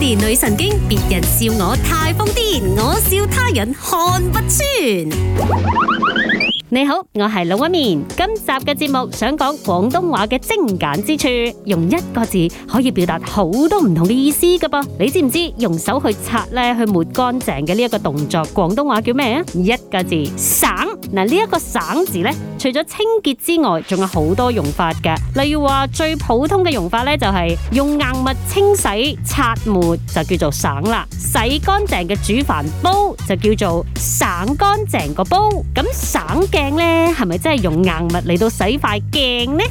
連女神經，別人笑我太瘋癲，我笑他人看不穿。你好，我係龍紋敏，今集嘅節目想講廣東話嘅精簡之處，用一個字可以表達好多唔同嘅意思噶噃。你知唔知用手去擦咧去抹乾淨嘅呢一個動作，廣東話叫咩啊？一個字省。嗱，呢一個省字呢。除咗清潔之外，仲有好多用法嘅，例如話最普通嘅用法呢，就係用硬物清洗擦抹，就叫做省啦。洗乾淨嘅煮飯煲，就叫做省乾淨個煲。咁省鏡呢，係咪真係用硬物嚟到洗塊鏡呢？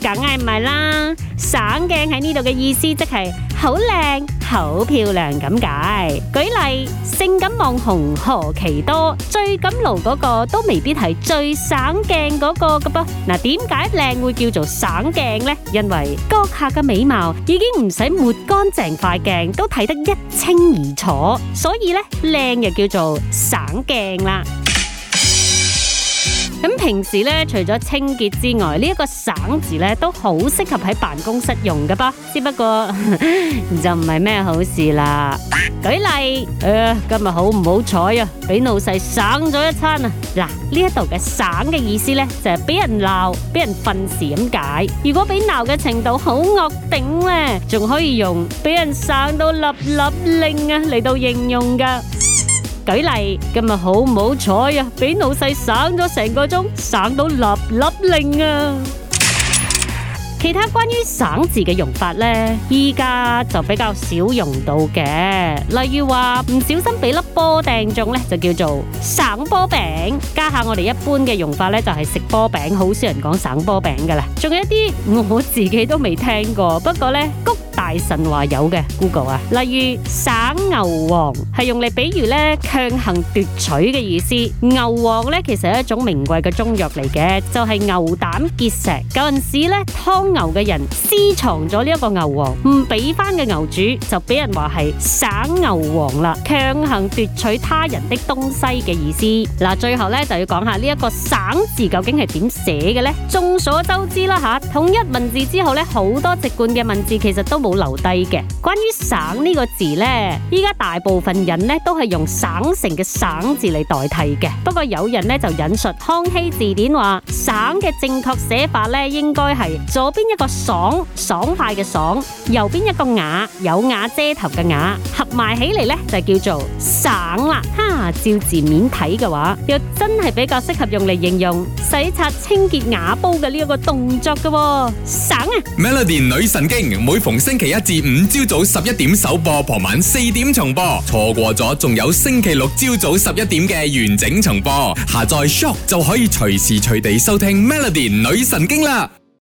梗係唔係啦，省鏡喺呢度嘅意思即係好靚。好漂亮咁解，舉例性感網紅何其多，最敢露嗰個都未必係最省鏡嗰個噶噃。嗱，點解靚會叫做省鏡呢？因為閣下嘅美貌已經唔使抹乾淨塊鏡都睇得一清二楚，所以呢，靚就叫做省鏡啦。咁平時咧，除咗清潔之外，呢、這、一個省字咧都好適合喺辦公室用噶吧？只不過 就唔係咩好事啦。舉例，呃、今日好唔好彩啊，俾老細省咗一餐啊！嗱、啊，呢度嘅省嘅意思咧，就係、是、俾人鬧、俾人訓斥咁解。如果俾鬧嘅程度好惡頂呢，仲可以用俾人省到立立令啊嚟到形容噶。舉例，今日好唔好彩啊，俾老細省咗成個鐘，省到粒粒令啊！ 其他關於省字嘅用法呢，依家就比較少用到嘅。例如話唔小心俾粒波掟中呢，就叫做省波餅。家下我哋一般嘅用法呢，就係、是、食波餅，好少人講省波餅噶啦。仲有一啲我自己都未聽過，不過呢。谷。大神話有嘅 Google 啊，例如省牛王係用嚟，比喻咧強行奪取嘅意思。牛王咧其實係一種名貴嘅中藥嚟嘅，就係、是、牛膽結石。嗰陣時咧，劏牛嘅人私藏咗呢一個牛王，唔俾翻嘅牛主就俾人話係省牛王啦，強行奪取他人的東西嘅意思。嗱，最後咧就要講下呢一個省字究竟係點寫嘅咧？眾所周知啦吓，統一文字之後咧，好多籍貫嘅文字其實都冇留低嘅。關於省呢個字呢，依家大部分人呢都係用省城嘅省字嚟代替嘅。不過有人呢就引述康熙字典話，省嘅正確寫法呢應該係左邊一個爽，爽快嘅爽，右邊一個瓦，有瓦遮頭嘅瓦，合埋起嚟呢，就叫做省啦。哈！照字面睇嘅話，又真係比較適合用嚟形容。洗刷清潔瓦煲嘅呢一個動作嘅，哦，省啊！Melody 女神經每逢星期一至五朝早十一點首播，傍晚四點重播，錯過咗仲有星期六朝早十一點嘅完整重播，下載 Shock 就可以隨時隨地收聽 Melody 女神經啦。